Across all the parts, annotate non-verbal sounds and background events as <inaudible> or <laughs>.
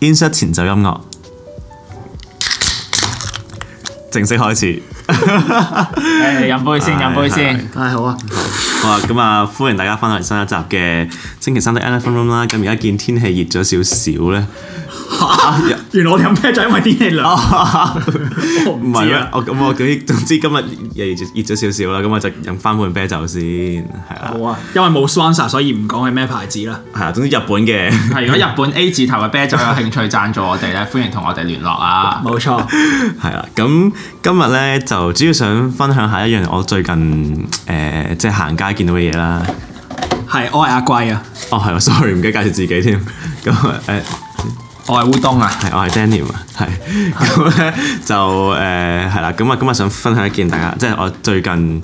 i n 前奏音樂，正式開始。誒、 <laughs> 欸，飲杯、哎、先喝杯，飲杯先。好啊。 <laughs> 哇！咁啊，歡迎大家翻嚟新一集嘅星期三的 Elephant Room》啦。咁而家見天氣熱咗少少咧，原來我飲啤酒因為天氣涼，唔係啊！我咁我總之今日熱熱咗少少啦，咁我就飲翻碗啤酒先，係啊。好啊，因為冇 sponsor 所以唔講係咩牌子啦。係啊，總之日本嘅。係，如果日本 A 字頭嘅啤酒有興趣贊助我哋咧，歡迎同我哋聯絡啊。冇錯。係啊，咁今日咧就主要想分享下一樣我最近誒即係行街。睇見到嘅嘢啦，係我係阿貴啊。哦，係啊 sorry 唔記得介紹自己添。咁 <laughs> 啊 <laughs> 我係烏冬啊，我係 Daniel 啊。係咁咧就誒係啦。咁、呃、啊，今日想分享一件大家，即、就、係、是、我最近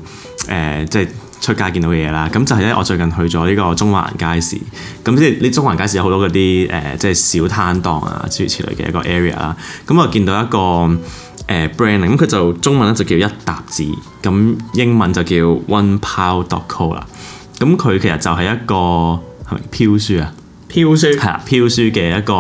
誒即係出街見到嘅嘢啦。咁就係咧，我最近去咗呢個中環街市。咁即係呢中環街市有好多嗰啲誒即係小攤檔啊，諸如此類嘅一個 area 啦。咁我見到一個。誒、uh, branding 咁佢就中文咧就叫一沓紙，咁英文就叫 onepile.co 啦。咁佢其實就係一個係咪漂書啊書？漂書係啊，漂書嘅一個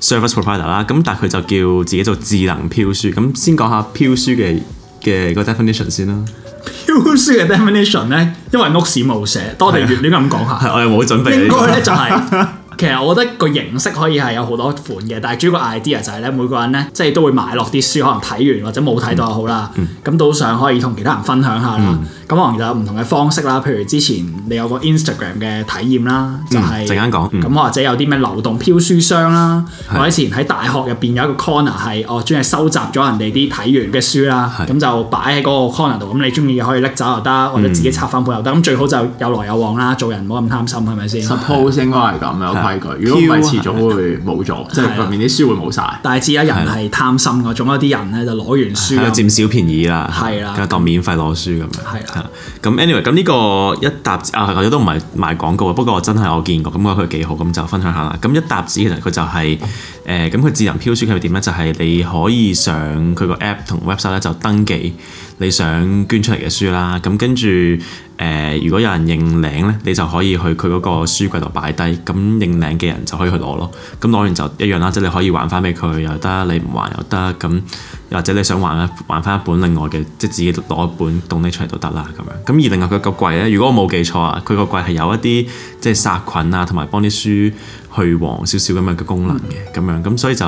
service provider 啦。咁但係佢就叫自己做智能漂書。咁先講下漂書嘅嘅、嗰個 definition 先啦。 <laughs> 漂書嘅 definition 咧，因為屋企冇寫，多啲亂咁講下。係， <laughs> 我又冇準備。 <laughs> 應該咧就係、是。 <laughs> 其實我覺得個形式可以係有好多款嘅，但係主要個 idea 就係咧，每個人咧即係都會買落啲書，可能睇完或者冇睇都好啦，咁、嗯嗯、都想可以同其他人分享下啦。嗯。咁可能就有唔同嘅方式啦，譬如之前你有個 Instagram 嘅體驗啦，就係陣間講。咁或者有啲咩流動漂書箱啦，或者以前喺大學入邊有一個 corner 係，哦專係收集咗人哋啲睇完嘅書啦，咁就擺喺嗰個 corner 度。咁你中意可以拎走又得，或者自己插翻本又得。咁最好就有來有往啦，做人唔好咁貪心，係咪先？Suppose 應該係咁有規矩，如果唔係遲早會冇咗，即係入面啲書會冇晒，但係知有人係貪心嘅，總有啲人咧就攞完書啊佔小便宜啦，係啦，當免費攞書咁樣。係啦。咁 anyway，咁呢個一沓紙啊，或者都唔係賣廣告啊，不過我真係我見過，咁覺得佢幾好，咁就分享下啦。咁一沓紙其實佢就係、是、誒，咁佢智能漂書佢點咧？就係、是、你可以上佢個 app 同 website 咧，就登記。你想捐出嚟嘅書啦，咁跟住誒，如果有人認領咧，你就可以去佢嗰個書櫃度擺低，咁認領嘅人就可以去攞咯。咁攞完就一樣啦，即係你可以還翻俾佢又得，你唔還又得。咁或者你想還咧，還翻一本另外嘅，即係自己攞一本凍拎出嚟都得啦。咁樣咁而另外佢個櫃咧，如果我冇記錯啊，佢個櫃係有一啲即係殺菌啊，同埋幫啲書去黃少少咁樣嘅功能嘅咁、嗯、樣咁，所以就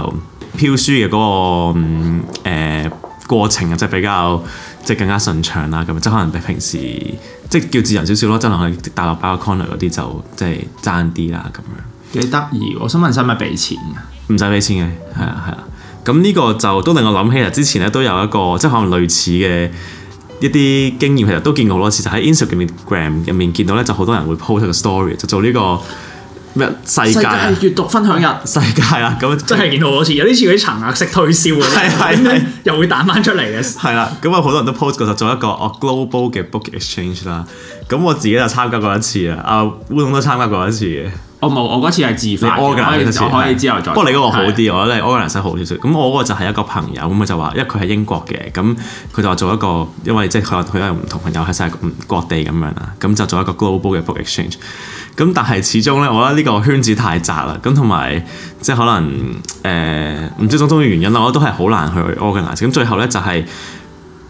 漂書嘅嗰、那個誒、呃、過程啊，即係比較。即係更加順暢啦，咁即係可能比平時即係叫自由少少咯，即係可能去大陸擺個 corner 嗰啲就即係爭啲啦，咁樣幾得意喎！我想問，使唔使俾錢㗎？唔使俾錢嘅，係啊，係啊。咁呢個就都令我諗起啦，之前咧都有一個即係可能類似嘅一啲經驗，其實都見過好多次，就喺、是、Instagram 入面見到咧，就好多人會 post 個 story 就做呢、這個。咩世界？世界，世界閱讀分享日。世界啊，咁真係見到好似有啲似嗰啲層壓式推銷咁樣，會 <laughs> 又會彈翻出嚟嘅。係啦， <laughs> 咁啊好多人都 post 過，就做一個 global 嘅 book exchange 啦。咁我自己就參加過一次 <laughs> 啊，阿烏冬都參加過一次嘅。我冇，我嗰次係自發嘅。可以，可以之後再。的不過你嗰個好啲，的我覺得你 online 好少少。咁我嗰個就係一個朋友，咁佢就話因為佢係英國嘅，咁佢就話做一個，因為即係佢佢有唔同朋友喺曬各地咁樣啦，咁就做一個 global 嘅 book exchange。咁但係始終咧，我覺得呢個圈子太窄啦。咁同埋即係可能誒，唔、呃、知種種嘅原因啦，我都係好難去 organize。咁最後呢就係、是、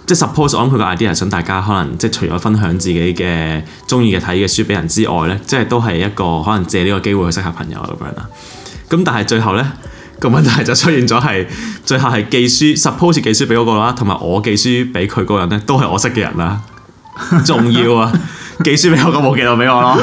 即係 suppose 我諗佢個 idea 想大家可能即係除咗分享自己嘅中意嘅睇嘅書俾人之外呢，即係都係一個可能借呢個機會去識下朋友咁樣啦。咁但係最後呢個問題就出現咗，係最後係寄書，suppose 寄書俾嗰、那個啦，同埋我寄書俾佢嗰個人咧都係我識嘅人啦，重要啊！ <laughs> 寄書俾我咁冇寄到俾我咯，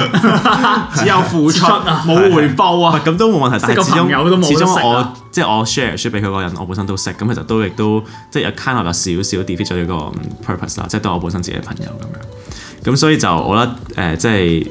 <laughs> 只有付出啊，冇的回報啊，咁都冇問題。的但係始終始終我、啊、即係我 share 書俾佢嗰人，我本身都識，咁其實都亦都即係有 kind of, 有少少 defeat 咗呢個 purpose 啦，即係對我本身自己嘅朋友咁樣。咁所以就我覺得誒、呃、即係。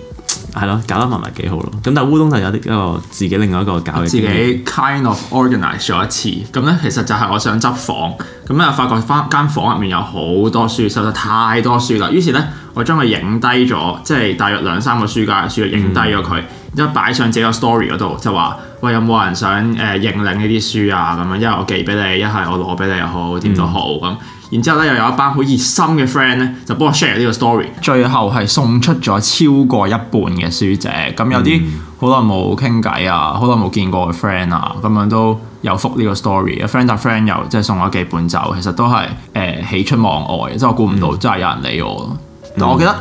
係咯，搞得麻麻幾好咯。咁但係烏冬就有啲一個自己另外一個搞自己 kind of organize 咗一次，咁咧其實就係我想執房，咁咧又發覺翻間房入面有好多書，實在太多書啦。於是咧，我將佢影低咗，即係大約兩三個書架書影低咗佢，之後，嗯，擺上自己個 story 嗰度，就話，喂，有冇人想誒，認領呢啲書啊咁樣，一係我寄俾你，一係我攞俾你又好，點都好咁。嗯然之後咧，又有一班好熱心嘅 friend 咧，就幫我 share 呢個 story。最後係送出咗超過一半嘅書籍。咁有啲好耐冇傾偈啊，好耐冇見過嘅 friend 啊，咁樣都有覆呢個 story。friend 搭 friend 又即係送咗幾本走，其實都係誒、呃、喜出望外，即係我估唔到真係有人理我。嗯、但我記得。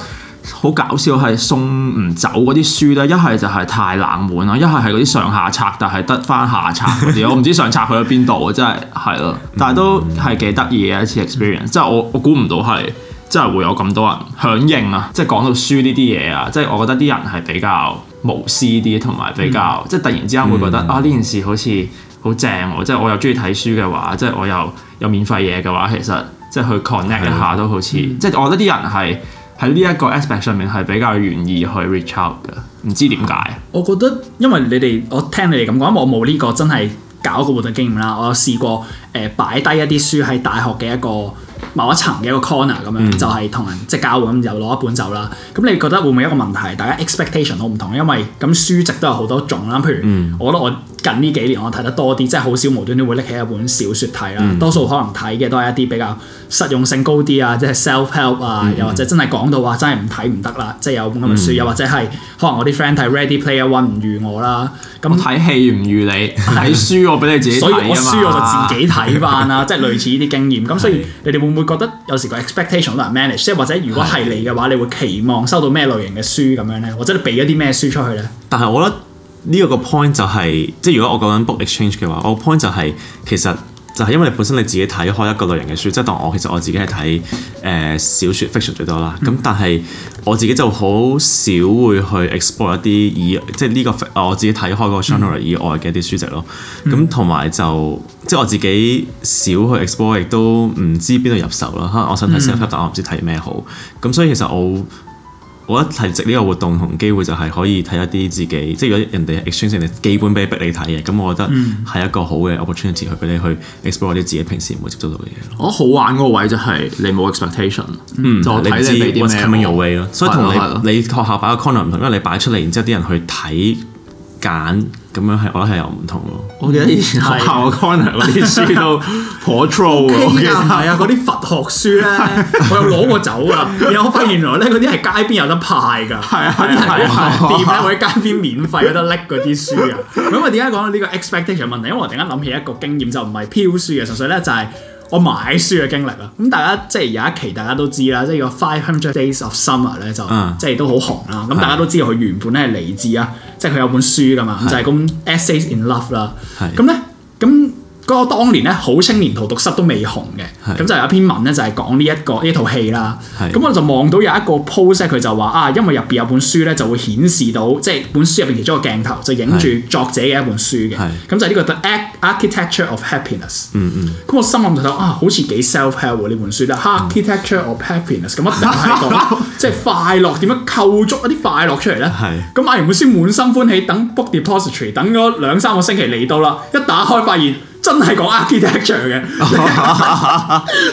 好搞笑係送唔走嗰啲書咧，一係就係太冷門啦，一係係嗰啲上下冊，但係得翻下冊嗰啲， <laughs> 我唔知上冊去咗邊度啊！真係係咯，嗯、但係都係幾得意嘅一次 experience、嗯。即係我我估唔到係真係會有咁多人響應啊！即係講到書呢啲嘢啊，即係我覺得啲人係比較無私啲，同埋比較即係、嗯、突然之間會覺得、嗯、啊呢件事好似好正喎！即係我又中意睇書嘅話，即係我又有，有免費嘢嘅話，其實即係去 connect 一下都好似即係我覺得啲人係。喺呢一個 aspect 上面係比較願意去 reach out 嘅，唔知點解，我覺得因為你哋，我聽你哋咁講，因為我冇呢個真係搞過活動經驗啦。我有試過誒擺低一啲書喺大學嘅一個某一層嘅一個 corner 咁、嗯、樣，就係、是、同人即係交咁，又攞一本走啦。咁你覺得會唔會一個問題？大家 expectation 好唔同，因為咁書籍都有好多種啦。譬如，我覺得我。嗯近呢幾年我睇得多啲，即係好少無端端會拎起一本小說睇啦。嗯、多數可能睇嘅都係一啲比較實用性高啲啊，即係 self help 啊、嗯，又或者真係講到話真係唔睇唔得啦，嗯、即係有本咁嘅書，又、嗯、或者係可能我啲 friend 睇 Ready Player One 唔如我啦。咁睇戲唔如你睇的書，我俾你自己，所以我書我就自己睇返啦。即係 <laughs> 類似呢啲經驗。咁所以你哋會唔會覺得有時個 expectation 難 manage？即係或者如果係你嘅話，你會期望收到咩類型嘅書咁樣咧？或者你俾一啲咩書出去咧？但係我覺得。呢個個 point 就係、是，即係如果我講緊 book exchange 嘅話，我 point 就係、是、其實就係因為你本身你自己睇開一個類型嘅書，即係當我其實我自己係睇誒小說 fiction 最多啦。咁、嗯、但係我自己就好少會去 explore 一啲以即係、這、呢個我自己睇開嗰個 genre 以外嘅一啲書籍咯。咁同埋就即係我自己少去 explore，亦都唔知邊度入手啦。可能，我想睇新級，但我唔知睇咩好。咁所以其實我。我覺得提值呢個活動同機會就係可以睇一啲自己，即係如果人哋 exchange 人哋基本俾逼你睇嘅，咁我覺得係一個好嘅 opportunity 去俾你去 explore 啲自己平時唔會接觸到嘅嘢咯。我覺得好玩嗰個位就係你冇 expectation，、嗯、就睇你 what's coming your way。所以同你你學校擺個 corner 唔同，因為你擺出嚟，然之後啲人去睇揀。咁樣係，我係有唔同咯。我記得以前學校嘅 corner 嗰啲書都破 throw 嘅，係啊，嗰啲佛學書咧，我又攞過走啊。然後我發現原來咧，嗰啲係街邊有得派㗎，係啊，啲啊，貨店咧，喺街邊免費有得拎嗰啲書啊。咁我點解講到呢個 expectation 問題？因為我突然間諗起一個經驗，就唔係漂書嘅，純粹咧就係我買書嘅經歷啊。咁大家即係有一期大家都知啦，即係個 Five Hundred Days of Summer 咧，就即係都好紅啦。咁大家都知道佢原本咧係理智啊。即係佢有本書㗎嘛，的就係嗰本《Essays in Love》啦。咁咧的，咁。嗰個當年咧，好青年荼毒室都未紅嘅，咁是就有一篇文咧，就係、是、講呢一個呢套戲啦。咁是我就望到有一個 post 佢就話啊，因為入邊有本書咧，就會顯示到即係、就是、本書入邊其中一個鏡頭，就影住作者嘅一本書嘅。咁是就呢、這個 The Ar Architecture of Happiness。咁、嗯嗯、我心諗就話啊，好似幾 self help 呢本書、嗯、啊，Architecture of Happiness、嗯。咁一定係講即係 <laughs> 快樂點樣構築一啲快樂出嚟咧。咁買完本書滿心歡喜，等 Book Depository 等咗兩三個星期嚟到啦，一打開發現。 <laughs> 真係講 architecture 嘅，真係呆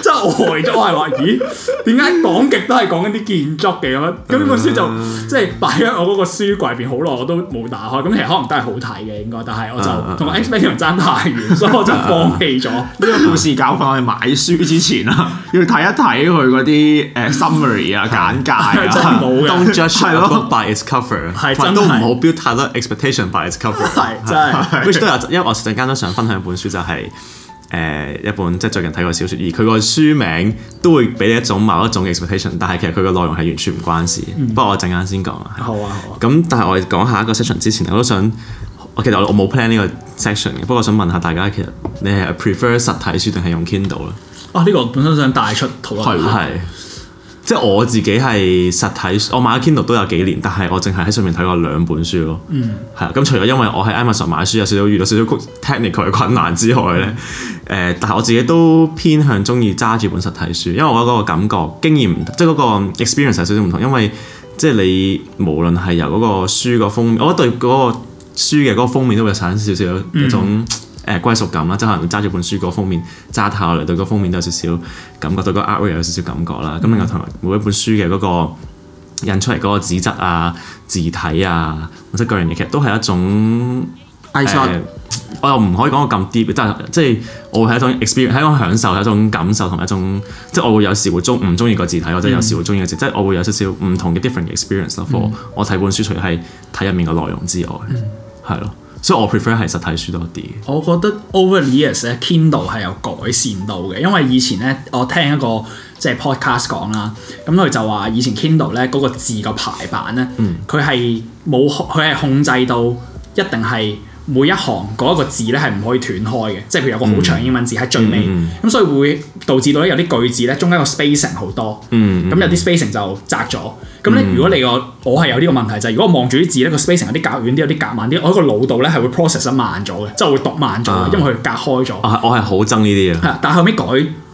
咗。我係話，咦？點解講極都係講緊啲建築嘅咁樣？咁呢本書就即係擺喺我嗰個書櫃入邊，好耐我都冇打開。咁其實可能都係好睇嘅，應該。但係我就同我 expectation 唔爭太遠，所以我就放棄咗呢個故事教訓。我哋買書之前啦，要睇一睇佢嗰啲誒 summary 啊、簡介啊，Don't judge by its cover 真都唔好 build 太多 expectation by its cover 真係。which 都係因為我陣間都想分享本書就。係誒、呃、一本即係最近睇過小說，而佢個書名都會俾你一種某一種 expectation，但係其實佢個內容係完全唔關事。嗯、不過我陣間先講啦。好啊，好啊。咁但係我講下一個 section 之前，我都想，我其實我冇 plan 呢個 section 嘅，不過我想問下大家，其實你係 prefer 實體書定係用 Kindle 啦？啊，呢、呢個本身想帶出討論吧。即係我自己係實體書，我買 Kindle 都有幾年，但係我淨係喺上面睇過兩本書咯。係啊、嗯，咁除咗因為我喺 Amazon 買書有少少遇到少少 technical 嘅困難之外咧，誒、嗯，但係我自己都偏向中意揸住本實體書，因為我覺得嗰個感覺經驗，即係嗰個 experience 有少少唔同，因為即係你無論係由嗰個書個封面，我覺得對嗰個書嘅嗰個封面都會產生少少一種。嗯誒、呃、歸屬感啦，即係可能揸住本書個封面揸落嚟，對個封面都有少少感覺，對個 artwork 有少少感覺啦。咁另外同埋每一本書嘅嗰個印出嚟嗰個紙質啊、字體啊，或者各樣嘢，其實都係一種，thought 呃、我又唔可以講我咁 deep，但係即係我係一種 experience，係、mm. 一種享受，係一種感受，同埋一種即係我會有時會中唔中意個字體，或者、嗯、有時會中意個字，即係、嗯、我會有少少唔同嘅 different experience 咯、嗯。我我睇本書除係睇入面嘅內容之外，係咯、嗯。嗯所以我 prefer 係實體書多啲。我覺得 over the years 咧，Kindle 係有改善到嘅。因為以前咧，我聽一個即係 podcast 講啦，咁佢就話以前 Kindle 咧嗰、那個字嘅排版咧，佢係冇佢係控制到一定係每一行嗰一個字咧係唔可以斷開嘅。即係譬如有個好長英文字喺最尾，咁、嗯、所以會導致到咧有啲句子咧中間個 spacing 好多，咁、嗯嗯、有啲 spacing 就窄咗。咁咧，如果你個我係有呢個問題就係，如果望住啲字咧，個 spacing 有啲隔遠啲，有啲隔慢啲，我喺個腦度咧係會 process 得慢咗嘅，即係會讀慢咗，因為佢隔開咗。我係好憎呢啲嘅。係，但後尾改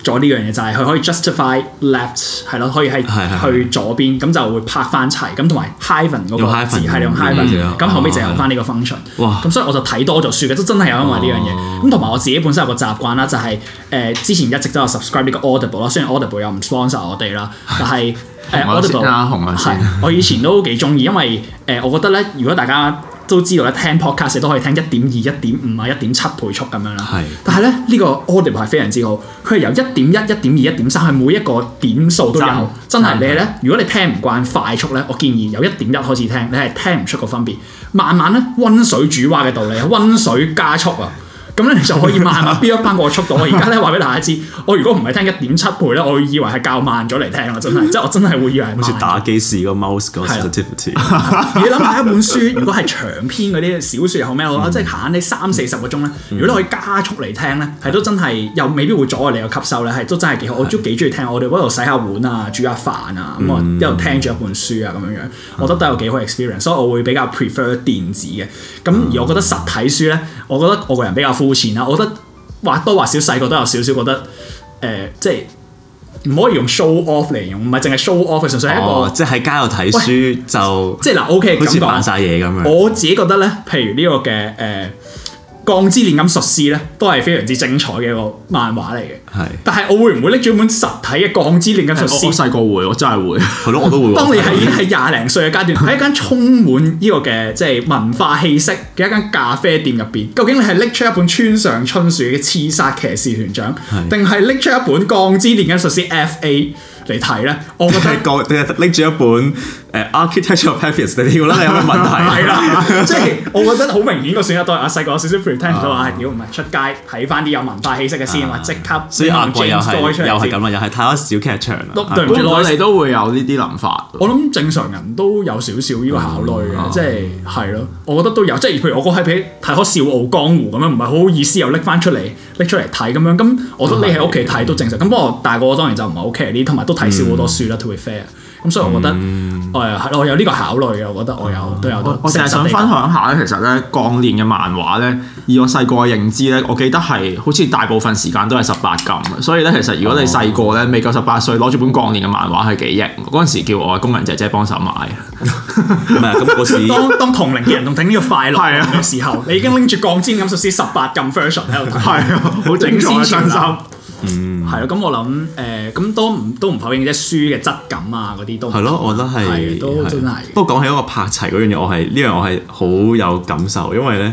咗呢樣嘢，就係佢可以 justify left 係咯，可以係去左邊，咁就會拍翻齊，咁同埋 hyphen 嗰個字係用 hyphen，咁後尾就有翻呢個 function。哇！咁所以我就睇多咗書嘅，都真係有因為呢樣嘢。咁同埋我自己本身有個習慣啦，就係誒之前一直都有 subscribe 呢個 Audible 啦，雖然 Audible 又唔 sponsor 我哋啦，但係。誒，我都覺得阿紅啊，係、uh, A，是我，我以前都幾中意，因為誒、呃，我覺得咧，如果大家都知道咧，聽 podcast 都可以聽一點二、一點五啊、一點七倍速咁樣啦，係的。但係咧，呢、這個 Audible 係非常之好，佢係由一點一、一點二、一點三，係每一個點數都有，真係。你咧，如果你聽唔慣快速咧，我建議由一點一開始聽，你係聽唔出個分別。慢慢咧，温水煮蛙嘅道理，温水加速啊。咁你就可以慢慢飆翻個速度。我而家咧話俾大家知，我如果唔係聽一點七倍咧，我以為係較慢咗嚟聽啦，真係，即係我真係會以為。好似打機試個 mouse 個 sensitivity。你諗下一本書，如果係長篇嗰啲小説又好咩好啊，即係行啲三四十個鐘咧，嗯、如果你可以加速嚟聽咧，係都真係又未必會阻礙你個吸收咧，係都真係幾好。我都幾中意聽，我哋嗰度洗下碗啊，煮下飯啊，咁啊一路聽住一本書啊，咁樣樣，我覺得都有幾好 experience。所以我會比較 prefer 電子嘅。咁而我覺得實體書咧。我覺得我個人比較膚淺啦，我覺得或多或少，細個都有少少覺得，誒、呃，即係唔可以用 show off 嚟用，唔係淨係 show off，純粹係一個，哦、即係喺街度睇書喂就，即係嗱 OK，好似扮晒嘢咁樣。我自己覺得咧，譬如呢個嘅誒。呃《鋼之煉金術師》咧，都係非常之精彩嘅一個漫畫嚟嘅。係是，但係我會唔會拎住一本實體嘅《鋼之煉金術師》？我細個會，我真係會，係咯，我都會。當你係已經係廿零歲嘅階段，喺 <laughs> 一間充滿呢、這個嘅即係文化氣息嘅一間咖啡店入邊，究竟你係拎出一本《村上春樹》嘅《刺殺騎士團長》是，定係拎出一本《鋼之煉金術師》F A？嚟睇咧，我覺得係個拎住一本誒 architecture papers，你點咧？你有冇問題？係啦，即係我覺得好明顯個選擇都係阿細個有少少 pretentious，即如果唔係出街睇翻啲有文化氣息嘅先話，即刻所眼櫃又係咁啦，又係太多小劇場啦，對唔住我哋都會有呢啲諗法。我諗正常人都有少少呢個考慮嘅，即係係咯，我覺得都有，即係譬如我嗰批片睇開《笑傲江湖》咁樣，唔係好好意思又拎翻出嚟拎出嚟睇咁樣，咁我覺得你喺屋企睇都正常。咁不過大個當然就唔係 OK 呢啲同埋都。睇少好多書啦，to be fair、so mm。咁所以我覺得，我係咯，我有呢個考慮嘅。我覺得我有、mm hmm. 都有得。我我成日想分享下咧，其實咧《鋼煉》嘅漫畫咧，以我細個嘅認知咧，我記得係好似大部分時間都係十八禁，所以咧其實如果你細個咧，未夠十八歲攞住本《鋼煉》嘅漫畫係幾型。嗰陣時叫我嘅工人姐姐幫手買咁嗰時，當同齡嘅人仲整呢個快樂嘅時候， <laughs> 啊、你已經拎住鋼煉咁實施十八禁 version 喺度睇，係 <laughs> 啊，好精彩嘅身心。 <laughs> <laughs> 嗯，係咯，咁我諗，誒、呃，咁都唔都唔否認啫，書嘅質感啊，嗰啲都係咯，我的都係的，都係。不過講起嗰個拍齊嗰樣嘢，我係呢樣我係好有感受，因為咧，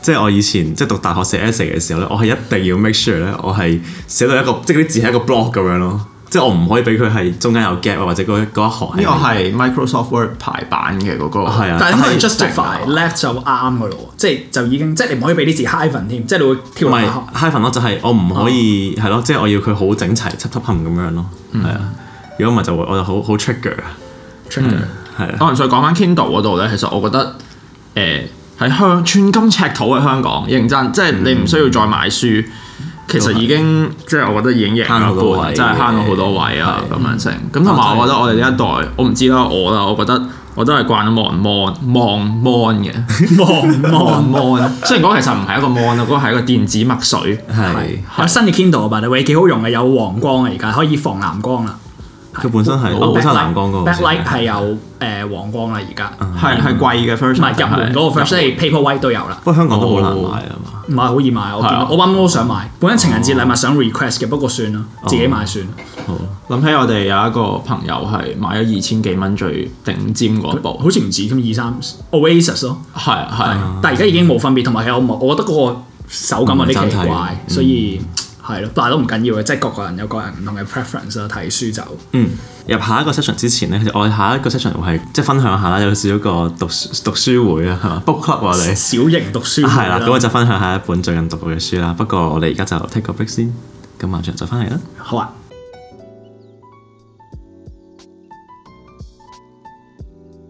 即係我以前即係讀大學寫 essay 嘅時候咧，我係一定要 make sure 咧，我係寫到一個，即係啲字係一個 block 咁樣咯。即係我唔可以俾佢係中間有 gap 或者嗰一行。呢個係 Microsoft Word 排版嘅嗰個。係啊。但係因為 justify left 就啱嘅咯，即係就已經即係你唔可以俾啲字 hyphen 添，即係你會跳埋 hyphen 咯，就係我唔可以係咯，即係我要佢好整齊、齊齊行咁樣咯，係啊。如果唔係就會我就好好 trigger 啊，trigger 係啊。我唔想講翻 Kindle 嗰度咧，其實我覺得誒喺香寸金尺土嘅香港，認真即係你唔需要再買書。其實已經，即係我覺得已經贏咗一半，真係慳咗好多位啊咁樣成，咁同埋我覺得我哋呢一代，我唔知啦，我啦，我覺得我都係慣咗望望 mon 望嘅，望望望，mon 雖然講其實唔係一個 mon 咯，嗰個係一個電子墨水。係，我新嘅 Kindle 啊嘛，你會幾好用嘅，有黃光啊，而家可以防藍光啦。佢本身係，本身藍光嗰個。Backlight 係有誒黃光啦，而家係係貴嘅 first，唔係入門嗰個 first，即係 paper white 都有啦。不過香港都好難買啊嘛，唔係好易買。我我啱啱都想買，本身情人節禮物想 request 嘅，不過算啦，自己買算。好，諗起我哋有一個朋友係買咗二千幾蚊最頂尖嗰部，好似唔止咁二三 Oasis 咯。係係，但係而家已經冇分別，同埋我我覺得嗰個手感有啲奇怪，所以。係咯，但係都唔緊要嘅。嗯，即係各個人有各人唔同嘅 preference 啊，睇書就。嗯，入下一個 session 之前咧，我哋下一個 session 會係即係分享下啦，有少少個讀書讀書會啊，book club 我哋。小型讀書會。係啦的，咁的我就分享下一本最近讀嘅書啦。的不過我哋而家就 take a break 先，咁馬上就返嚟啦，好啊。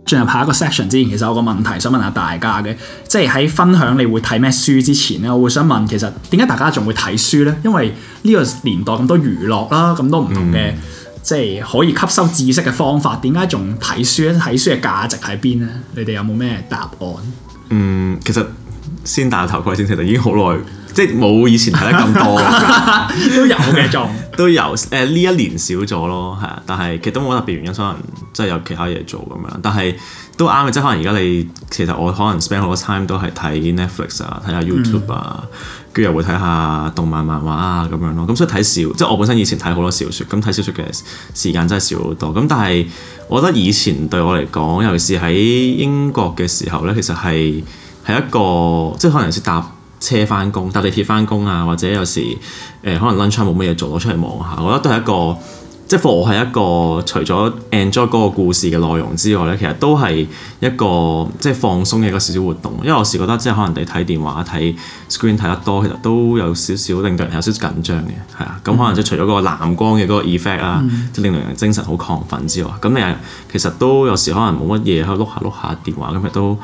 進入下一個 section 之前，其實我有個問題想問下大家嘅，即係喺分享你會睇咩書之前咧，我會想問其實點解大家仲會睇書咧？因為呢個年代咁多娛樂啦，咁、嗯、多唔同嘅，即係可以吸收知識嘅方法，點解仲睇書咧？睇書嘅價值喺邊咧？你哋有冇咩答案？嗯，其實先戴頭盔先，其實已經好耐。即冇以前睇得咁多， <laughs> 都有嘅的仲 <laughs> 都有誒，呢一年少咗咯，係啊，但係其實都冇特別原因，可能即係有其他嘢做咁樣，但係都啱嘅。即係可能而家你其實我可能 spend 好多 time 都係睇 Netflix 啊，睇下 YouTube 啊，跟住、嗯、又會睇下動漫漫畫啊咁樣咯。咁所以睇少。即係我本身以前睇好多小説，咁睇小説嘅時間真係少好多。咁但係我覺得以前對我嚟講，尤其是喺英國嘅時候咧，其實係係一個即係可能先搭車翻工搭地鐵翻工啊，或者有時誒、呃、可能 lunchtime 冇乜嘢做，攞出嚟望下，我覺得都係一個即係課餘係一個除咗 enjoy 嗰個故事嘅內容之外呢，其實都係一個即係放鬆嘅一個小小活動。因為有時覺得即係可能你睇電話睇 screen 睇得多，其實都有少少令到人有少少緊張嘅，係啊。咁可能即係除咗嗰個藍光嘅嗰個 effect 啊，即係、嗯、令到人精神好亢奮之外，咁你其實都有時可能冇乜嘢喺度碌下碌下電話咁，亦都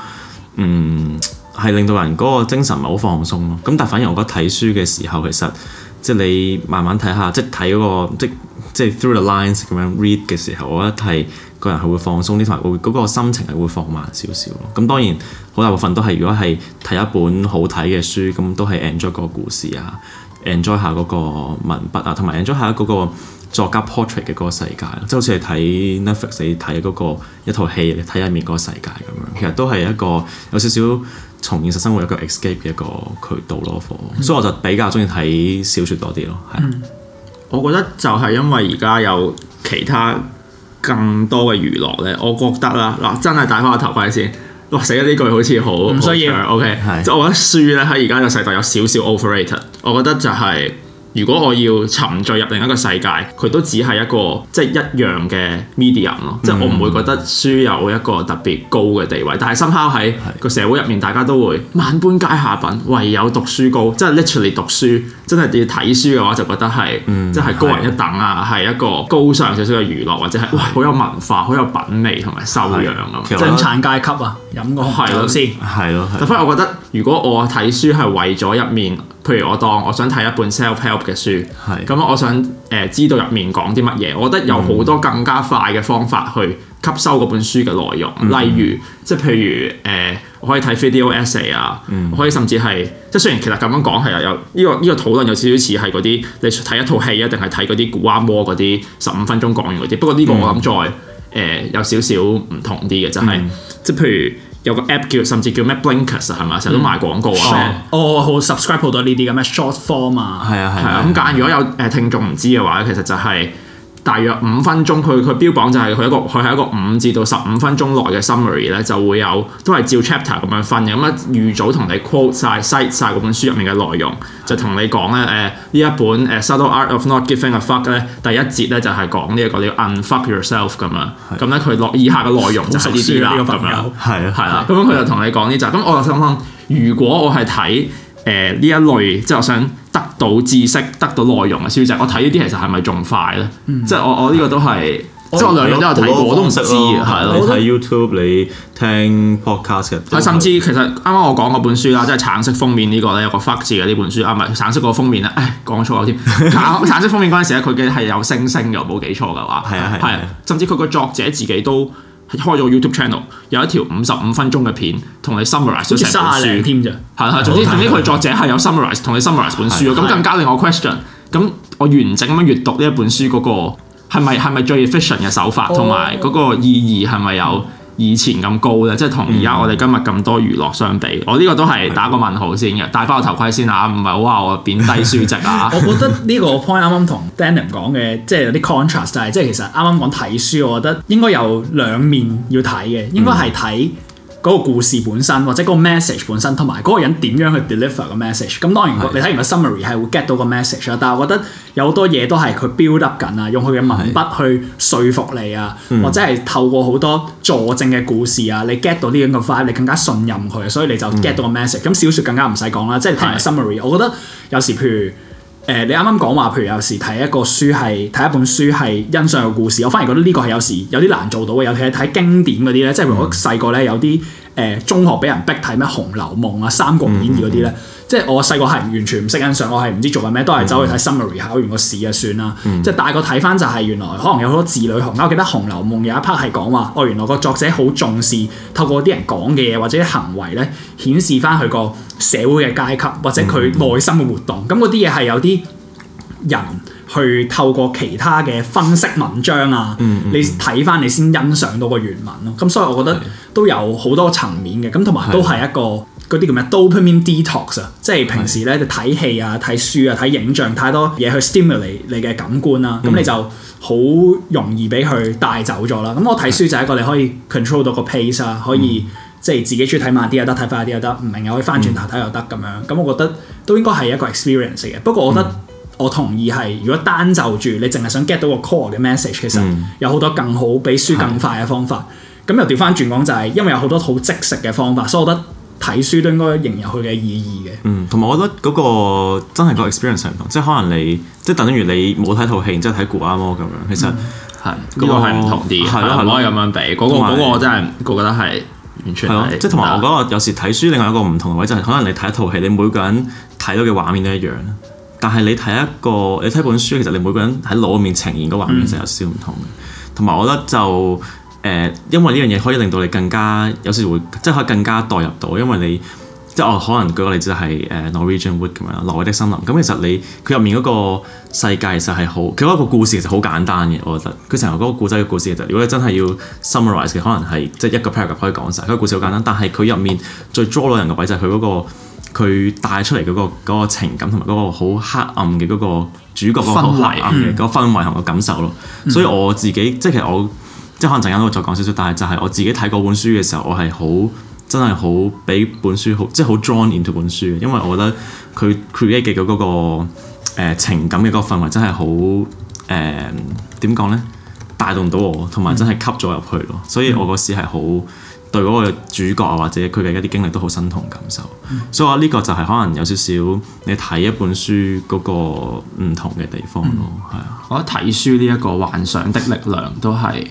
嗯。係令到人嗰個精神係好放鬆咯，咁但係反而我覺得睇書嘅時候，其實即係你慢慢睇下，即係睇嗰個即即係 through the lines 咁樣 read 嘅時候，我覺得係個人係會放鬆啲，同埋會嗰個心情係會放慢少少咯。咁當然好大部分都係如果係睇一本好睇嘅書，咁都係 enjoy 個故事啊，enjoy 下嗰個文筆啊，同埋 enjoy 下嗰個作家 portrait 嘅嗰個世界，即係好似你睇 Netflix 你睇嗰個一套戲，你睇入面嗰個世界咁樣，其實都係一個有少少。從現實生活一個 escape 嘅一個渠道咯，mm hmm. 所以我就比較中意睇小說多啲咯。係，mm hmm. 我覺得就係因為而家有其他更多嘅娛樂咧，我覺得啦，嗱真係戴翻個頭盔先，哇死啦呢句好似好唔需要。O K 係，即係我覺得書咧喺而家個世代有少少 overrated，我覺得就係、是。如果我要沉醉入另一個世界，佢都只係一個即係一樣嘅 medium 咯、嗯，即係我唔會覺得書有一個特別高嘅地位，但係 somehow 喺個社會入面，大家都會萬般皆下品，唯有讀書高，即係 Literally 讀書。真係要睇書嘅話，就覺得係、嗯、即係高人一等啊，係的一個高尚少少嘅娛樂，或者係的哇好有文化、好有品味同埋修養咁、啊。中產的階級啊，飲個酒，係咯。特別我覺得，如果我睇書係為咗入面，譬如我當我想睇一本 self help 嘅書，咁的我想誒、呃、知道入面講啲乜嘢，我覺得有好多更加快嘅方法去。吸收嗰本書嘅內容，例如即係譬如誒，我可以睇 video essay 啊、嗯，我可以甚至係即係雖然其實咁樣講係有、這個這個、有呢個呢個討論有少少似係嗰啲你睇一套戲一定係睇嗰啲谷阿莫嗰啲十五分鐘講完嗰啲，不過呢個我諗再誒、嗯、ん有少少唔同啲嘅，就係即係譬如有個 app 叫甚至叫咩 blinkers 啊，係咪？成日都賣廣告啊，哦好 subscribe 好多呢啲嘅咩 short form 啊，係啊係啊，咁但如果有誒聽眾唔知嘅話，其實就係、是。就是大約五分鐘，佢佢標榜就係佢一個佢係一個五至到十五分鐘內嘅 summary 咧，就會有都係照 chapter 咁樣分嘅，咁咧預早同你 quote 晒對、cite 晒嗰本書入面嘅內容，就同你講咧誒呢一本《uh, Subtle Art of Not Giving a Fuck》咧，第一節咧就係講呢一個你 unfuck yourself 咁對樣，咁咧佢落以下嘅內容就係呢啲啦，呢個朋友係啦，啦是，咁樣佢就同你講呢就咁，我又想問，如果我係睇誒呢一類，即係我想。得到知識，得到內容嘅書籍，我睇呢啲其實係咪仲快咧？嗯、即係我我呢個都係，的即係我兩樣都有睇過，我、哦啊、都唔知嘅，係咯。你睇 YouTube，你聽 podcast，甚至其實啱啱我講嗰本書啦，即係橙色封面呢、呢個咧，有個 fuck 字嘅呢本書，啱唔啱？橙色嗰個封面咧，唉，講錯咗添，橙橙色封面嗰陣時咧，佢嘅係有星星嘅，冇記錯嘅話，係啊係，係，甚至佢個作者自己都。開咗 YouTube channel 有一條五十五分鐘嘅片，同你 summarize 咗成本書添啫。係係的， <noise> 總之總之佢作者係有 summarize 同你 summarize 本書咁的更加令我 question，咁我完整咁樣閲讀呢一本書嗰個係咪係咪最 efficient 嘅手法同埋嗰個意義係咪有？哦哦哦 <noise> 以前咁高咧，即係同而家我哋今日咁多娛樂相比，嗯、我呢個都係打個問號先嘅。的戴翻個頭盔先啊，唔係好話我貶低書籍啊！ <laughs> 我覺得呢個 point 啱啱同 Danny 講嘅，即係有啲 contrast，就係即係其實啱啱講睇書，我覺得應該有兩面要睇嘅，應該係睇、嗯。嗰個故事本身，或者嗰個 message 本身，同埋嗰個人點樣去 deliver 個 message。咁當然你睇完個 summary 係會 get 到個 message 啦。但係我覺得有好多嘢都係佢 build up 緊啊，用佢嘅文筆去說服你啊，的或者係透過好多佐證嘅故事啊，你 get 到呢樣嘅 file，你更加信任佢，所以你就 get 到個 message。咁的小說更加唔使講啦，即係睇埋 summary。我覺得有時譬如。誒、呃，你啱啱講話，譬如有時睇一個書係睇一本書係欣賞個故事，我反而覺得呢個係有時有啲難做到嘅，尤其係睇經典嗰啲咧。即係如果細個咧有啲誒、呃，中學俾人逼睇咩《紅樓夢》啊、《三國演義》嗰啲咧，嗯嗯、即係我細個係完全唔識欣賞，我係唔知做緊咩，都係走去睇 summary 考、嗯嗯、完個試就算啦。即係大個睇翻就係原來可能有好多字裏行。我記得《紅樓夢》有一 part 係講話，哦原來個作者好重視透過啲人講嘅嘢或者行為咧，顯示翻佢個。社會嘅階級或者佢內心嘅活動，咁嗰啲嘢係有啲人去透過其他嘅分析文章啊，嗯嗯、你睇翻你先欣賞到個原文咯、啊。咁所以我覺得都有好多層面嘅，咁同埋都係一個嗰啲是叫咩 dopamine detox 啊，即係平時咧就睇戲啊、睇書啊、睇影像太多嘢去 stimulate 你嘅感官啦、啊，咁、嗯、你就好容易俾佢帶走咗啦。咁我睇書就係一個你可以 control 到個 pace 啊，可以。即係自己中意睇慢啲又得，睇快啲又得，唔明又可以翻轉頭睇又得咁樣。咁我覺得都應該係一個 experience 嘅。不過我覺得我同意係，如果單就住你淨係想 get 到個 call 嘅 message，其實有好多更好比書更快嘅方法。咁、嗯、又調翻轉講就係、是，因為有好多好即食嘅方法，所以我覺得睇書都應該仍有佢嘅意義嘅。同埋、嗯、我覺得嗰個真係個 experience 唔、嗯、同，即係可能你即係等於你冇睇套戲，然之後睇谷阿莫咁樣，其實係嗰、嗯、這個係唔、那個、同啲，係咯的，唔的可以咁樣比嗰的有、那個嗰、那個、真係，我覺得係。完全係咯、嗯，即係同埋我覺得有時睇書，另外一個唔同嘅位就係，可能你睇一套戲，你每個人睇到嘅畫面都一樣，但係你睇一個你睇本書，其實你每個人喺腦入面呈現個畫面就有少少唔同。同埋我覺得就誒、呃，因為呢樣嘢可以令到你更加有時會即係可以更加代入到，因為你。即係我可能舉個例子係誒 Norwegian Wood 咁樣啦，挪威的森林，咁其實你佢入面嗰個世界其實係好，佢嗰個故事其實好簡單嘅，我覺得佢成日講個故仔嘅故事，其實如果你真係要 summarize 嘅，可能係即係一個 paragraph 可以講晒。佢個故事好簡單，但係佢入面最 draw 攞人嘅位就係佢嗰個佢帶出嚟嗰個嗰個情感同埋嗰個好黑暗嘅嗰個主角嗰個好黑暗嘅嗰個氛圍同個感受咯。所以我自己即其實我即係可能陣間都會再講少少，但係就係我自己睇嗰本書嘅時候，我係好。真係好俾本書好，即係好 drawn into 本書，因為我覺得佢 create 嘅嗰個、呃、情感嘅嗰個氛圍真係好誒點講咧？帶動到我同埋真係吸咗入去咯。所以我嗰時係好對嗰個主角啊，或者佢嘅一啲經歷都好身同感受。嗯、所以我呢個就係可能有少少你睇一本書嗰個唔同嘅地方咯，係啊、嗯。是我覺得睇書呢一個幻想的力量都係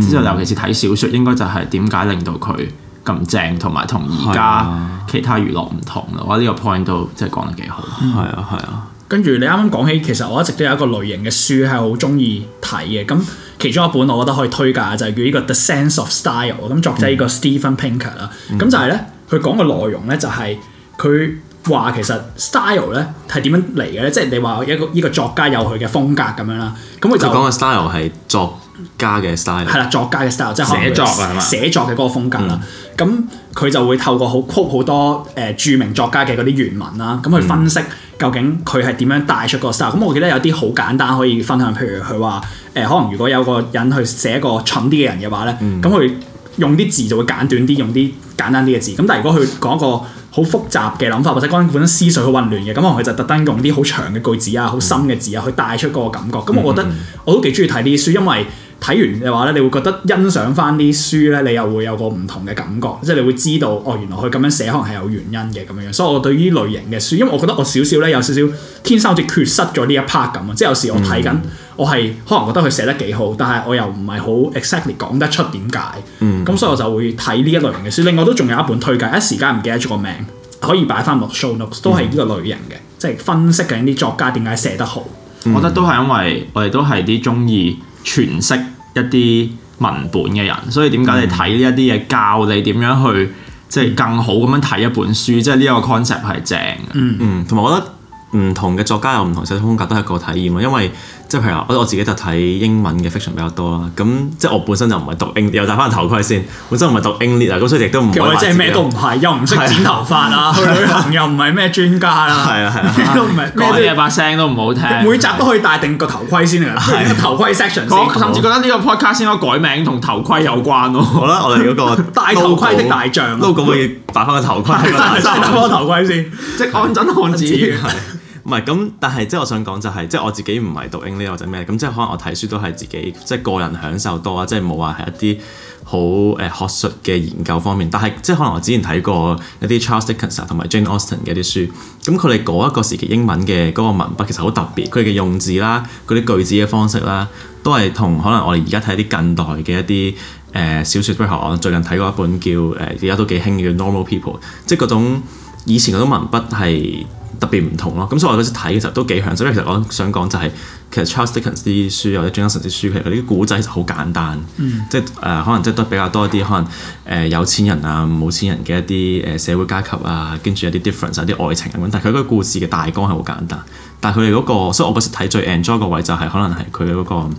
之後，嗯、尤其是睇小説，應該就係點解令到佢。咁正同埋同而家其他娛樂唔同咯，啊、我呢個 point 都真係講得幾好。係、嗯、啊，係啊。跟住你啱啱講起，其實我一直都有一個類型嘅書係好中意睇嘅。咁其中一本我覺得可以推介就係叫依個《The Sense of Style》。咁作者個、er, 嗯、呢個 Steven Pinker 啦，咁就係咧佢講嘅內容咧就係佢話其實 style 咧係點樣嚟嘅咧？即係你話一個依個作家有佢嘅風格咁樣啦。咁佢就講嘅 style 係作家嘅 style。係啦，作家嘅 style 即係寫作啊嘛，寫作嘅嗰個風格啦。嗯。咁佢就會透過好酷好多誒著名作家嘅嗰啲原文啦，咁去分析究竟佢係點樣帶出個 style，嗯。咁我記得有啲好簡單可以分享，譬如佢話誒，可能如果有個人去寫一個蠢啲嘅人嘅話咧，咁佢、嗯、用啲字就會簡短啲，用啲簡單啲嘅字。咁但係如果佢講一個好複雜嘅諗法，或者講本身思緒好混亂嘅，咁可能佢就特登用啲好長嘅句子啊、好深嘅字啊、嗯、去帶出嗰個感覺。咁我覺得我都幾中意睇呢啲書，因為，睇完嘅話咧，你會覺得欣賞翻啲書咧，你又會有個唔同嘅感覺，即係你會知道哦，原來佢咁樣寫可能係有原因嘅咁樣。所以我對於類型嘅書，因為我覺得我少少咧有少少天生好似缺失咗呢一 part 咁啊。即係有時我睇緊，嗯、我係可能覺得佢寫得幾好，但係我又唔係好 exactly 講得出點解。嗯，咁所以我就會睇呢一類型嘅書。另外都仲有一本推介，一時間唔記得咗個名，可以擺翻落 show notes 都係呢個類型嘅，嗯、即係分析緊啲作家點解寫得好。嗯嗯、我覺得都係因為我哋都係啲中意詮釋一啲文本嘅人，所以點解你睇呢一啲嘢教你點樣去即係、就是、更好咁樣睇一本書，即係呢個 concept 係正嘅。嗯嗯，同埋我覺得。唔同嘅作家有唔同寫作風格，都係個體驗啊！因為即係譬如話，我我自己就睇英文嘅 fiction 比較多啦。咁即係我本身就唔係讀英，又戴翻頭盔先。本身唔係讀英 lit 咁所以亦都唔。其實即係咩都唔係，又唔識剪頭髮啊，去旅行又唔係咩專家啦，都唔係咩嘢，把聲都唔好聽。每集都可以戴定個頭盔先啊！即係個頭盔 section，我甚至覺得呢個 podcast 應該改名同頭盔有關咯。我覺得我哋嗰個戴頭盔的大象，都咁可以戴翻個頭盔，戴翻個頭盔先，即係幹真漢子。唔係咁，但係即係我想講就係、是，即係我自己唔係讀英呢或者咩咁，即係可能我睇書都係自己即係個人享受多啊，即係冇話係一啲好誒學術嘅研究方面。但係即係可能我之前睇過一啲 Charles Dickens 同埋 Jane Austen 嘅一啲書，咁佢哋嗰一個時期英文嘅嗰個文筆其實好特別，佢哋嘅用字啦、嗰啲句子嘅方式啦，都係同可能我哋而家睇啲近代嘅一啲誒、呃、小説比較。我最近睇過一本叫誒而家都幾興嘅叫《Normal People》，即係嗰種。以前嗰種文筆係特別唔同咯，咁所以我嗰時睇嘅時候都幾享受。因為其實我想講就係、是，其實 Charles Dickens 啲書或者 John 中間神之書，其實啲古仔其實好簡單，嗯、即係誒、呃、可能即係都比較多一啲可能誒、呃、有錢人啊、冇錢人嘅一啲誒社會階級啊，跟住有啲 difference、有啲愛情咁、啊、樣。但係佢嗰個故事嘅大綱係好簡單，但係佢哋嗰個，所以我嗰時睇最 enjoy 個位就係可能係佢嗰個、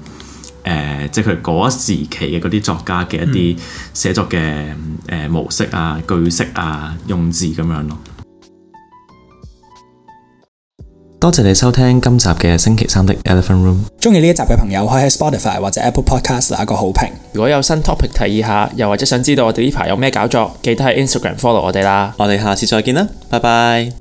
呃、即係佢嗰時期嘅嗰啲作家嘅一啲寫作嘅誒模式啊、句式啊、用字咁樣咯。多謝你收聽今集嘅星期三的 Elephant Room。中意呢一集嘅朋友，可以喺 Spotify 或者 Apple Podcast 打個好評。如果有新 topic 提議下，又或者想知道我哋呢排有咩搞作，記得喺 Instagram follow 我哋啦。我哋下次再見啦，拜拜。